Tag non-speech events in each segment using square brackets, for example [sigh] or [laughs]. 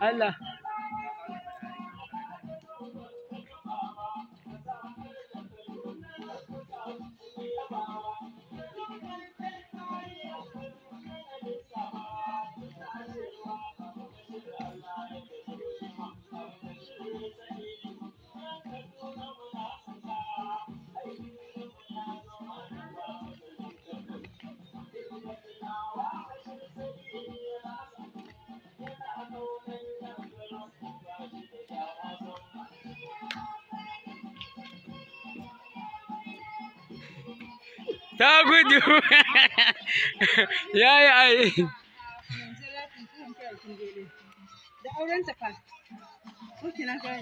Allah. ta gudu ya yi ai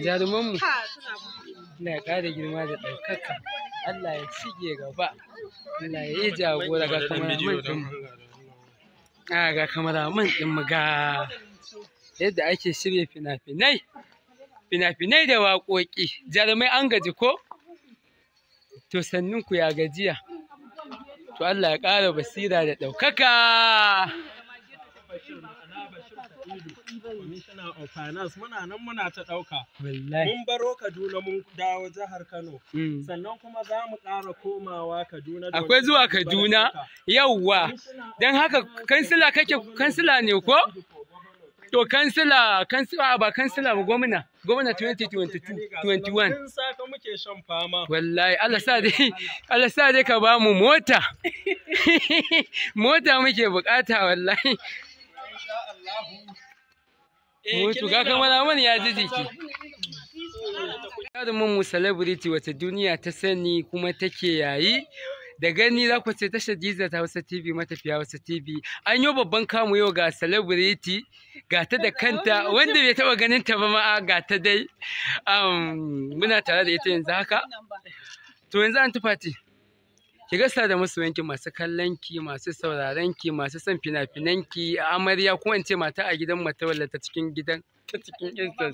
jarumanmu na ƙara girma da ɗaukaka Allah ya cige gaba Allah ya yi jagora ga kamaraman A ga kamaraman ɗinmu ga yadda ake shirya fina-finai fina-finai da waƙoƙi jarumai an gaji ko to sanninku ya gajiya to Allah ya ƙara basira da ɗaukaka Commissioner of Finance muna nan muna ta ɗauka. Mun baro Kaduna mun dawo jihar Kano. Mm. Sannan kuma za mu ƙara komawa Kaduna. Akwai zuwa Kaduna yauwa. Don haka kansila kake kansila ne ko? To kansila, kansila ba kansila ba gwamna, gwamna 2022, Wallahi, Allah sa dai, Allah sa dai ka ba mu mota. [laughs] mota muke bukata wallahi. Mutu ga kan wala mana ya ji jiki. mu celebrity wata duniya ta sani kuma take yayi. da gani za ku ce tashar Jiza ta Hausa TV matafiya Hausa TV an yi babban kamu yau ga celebrity ga ta da kanta wanda bai taba ganin ta ba ma ga ta dai um, muna tare da ita yanzu haka to yanzu an tufati ki gasa da masu yanki masu kallonki, ki masu sauraron masu son fina-finan ki amarya kuma in ce mata a gidan mata wallata cikin gidan ta cikin insta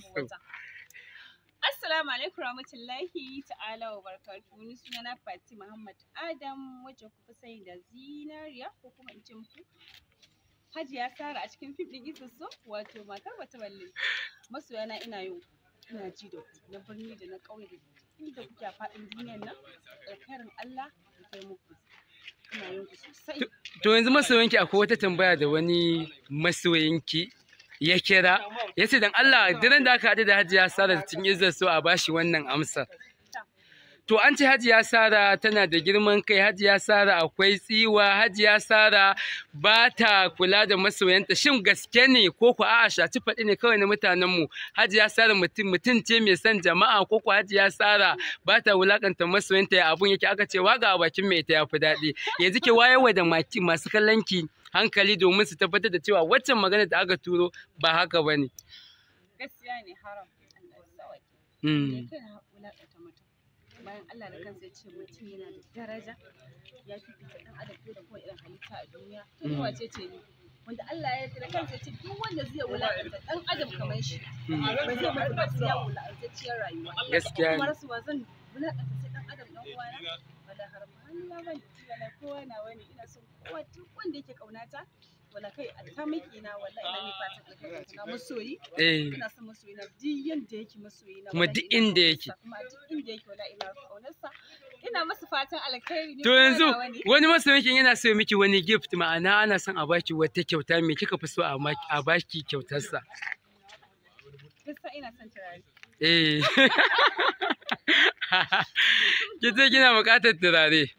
Assalamu alaikum rahmatullahi ta'ala wa barakatuhu ni suna na Fati Muhammad Adam wacce kuka sani da Zinariya ko kuma in ce muku Hajiya Sara a cikin fim din Isusu wato matar wata balle masoya na ina yau ina ji da ku na birni da na ƙauye da inda kuke a faɗin duniyar nan alkhairin Allah ya kai muku ina yin ku sosai to yanzu masoyanki akwai wata tambaya da wani masoyanki ya kira ya ce dan Allah diran da aka haɗu da hajiya sara cikin izar so a bashi wannan amsar To an ce Hajiya Sara tana da girman kai, Hajiya Sara akwai tsiwa, Hajiya Sara ba ta kula da masoyanta. Shin gaske ne ko ku a'a shaci faɗi ne kawai na mutanen mu? Hajiya Sara mutum mutum ce mai son jama'a ko ku Hajiya Sara ba ta wulakanta masoyanta ya abun yake aka ce waga a bakin mai ta yafi daɗi. Yanzu ke wayewa da masu kallon ki hankali domin su tabbatar da cewa waccan magana da aka turo ba haka bane. Gaskiya ne haram. bayan Allah da kansa ya ce mutum yana da daraja ya fifita ɗan adam ko da kowa irin halitta a duniya to ni mm. wace ce ni wanda Allah ya da kansa ce duk wanda zai wulakanta ɗan adam kamar shi mm. ba zai bar ba sai ya wulakantacciyar rayuwa gaskiya kuma rasuwa zan wulakanta sai ɗan adam dan uwana ba harma Allah bane kowa na wani ina son kowa duk wanda yake ƙaunata wala eh. to yanzu wani masoyinkin yana so miki wani gift ma'ana ana son a baki wata kyauta me kika fi so a baki kyautar sa ina son turare eh [laughs] kije kina buƙatar turare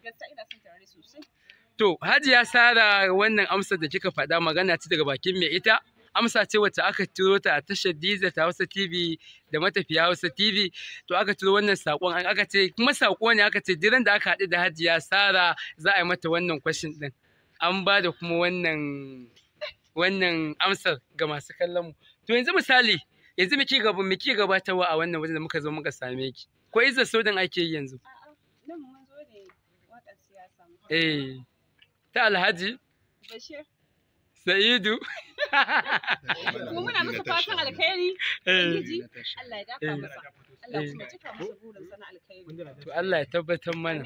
To, Hajiya Sara wannan amsar da kika faɗa magana ce daga bakin mai ita, amsa ce wacce aka turo ta a tashar Diza ta Hausa TV da matafiya Hausa TV. To aka turo wannan saƙon an aka ce kuma saƙo ne aka ce diran da aka haɗu da Hajiya Sara za a yi mata wannan kwashin ɗin. An ba da kuma wannan wannan amsar ga masu kallon mu. To yanzu misali, yanzu miki gaba muke gabatarwa a wannan wajen da muka zo muka same ki. Ko izar sodan ake yi yanzu? A'a, nan mun zo da waƙar siyasa. Eh. ta alhaji sa'idu Allah ya tabbatar mana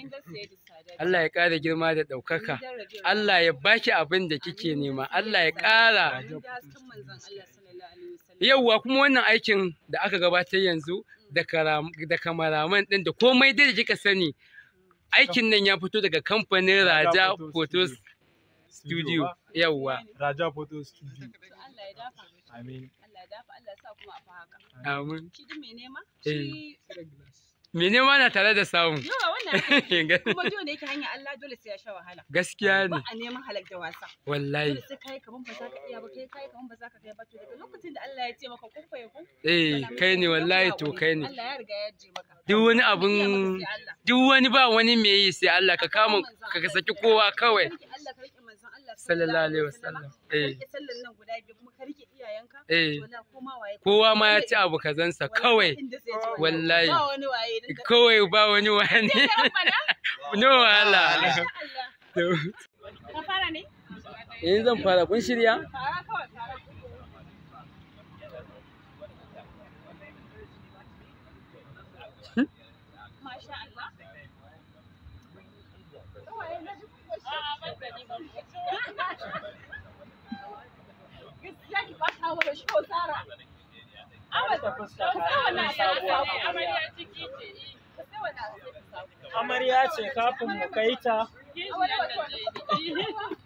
Allah ya ƙara girma da ɗaukaka Allah ya baki abin da kike nema Allah ya ƙara yauwa kuma wannan aikin da aka gabatar yanzu mm. da kamaraman ɗin da komai dai da kika sani aikin nan ya fito daga kamfanin Raja Photo Studio. Yawwa. Raja Photo Studio. Amin. Allah ya dafa Allah ya sa kuma a fa haka. Amin. Shi duk mai nema? Eh. Shi Mene ma na tare da samu? Yawa wannan [laughs] kuma jiwa ne yake hanyar Allah dole sai ya sha wahala. Gaskiya ne. Ba a neman halak da wasa. Wallahi. Dole sai kai kaman fasaka kai kai ya ce maka eh kai ne wallahi to kai ne Allah ya riga ya maka duk wani abun duk wani ba wani me yi sai Allah ka kama ka saki kowa kawai Allah ka rike manzon Allah sallallahu alaihi wasallam eh sallan nan guda biyu kuma ka rike iyayenka eh. kowa ma ya ci abu sa kawai wallahi kawai ba wani wani [laughs] no wahala [laughs] eh zan fara kun shirya Amarya ce kafin mu kai ta. [laughs]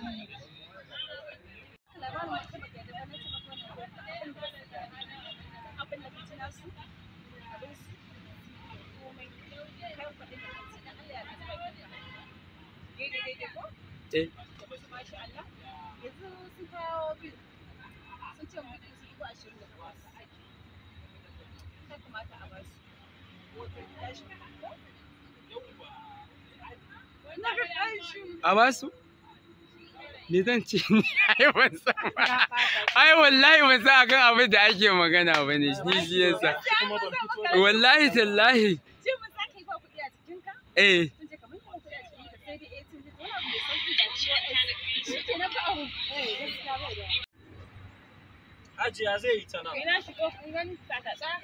eh a ba su ni zan ce ni [laughs] ai ban san ba ai wallahi ban san akan abin da ake magana ba ne shi shi yasa wallahi tallahi eh ce na ka abu. zai yi Ina shigo gani ka zan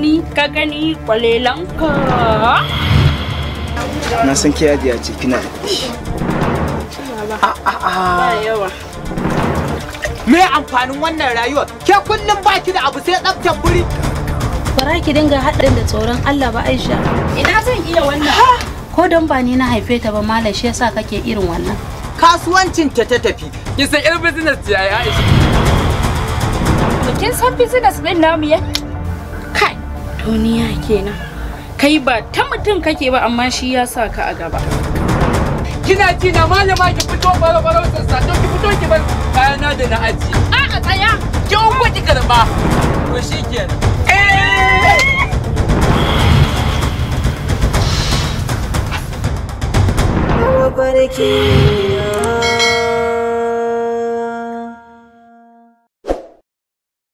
yi Ka Na san ke ce kina Me amfanin wannan rayuwar? Ke kullum baki da abu sai tsaftar buri. bara ki dinga haɗin da tsoron Allah ba Aisha ina zan iya wannan ko don ba ni na haife ta ba malam shi yasa kake irin wannan kasuwancin ta ta tafi ki san irin business ya yi Aisha kin san business din namu ya kai duniya kenan kai ba ta mutum kake ba amma shi ya sa ka a gaba kina na malama ki fito baro baro to ki fito ki bar kayana da na aji a a tsaya ki ungo ki karba to kenan. Eh, mafarki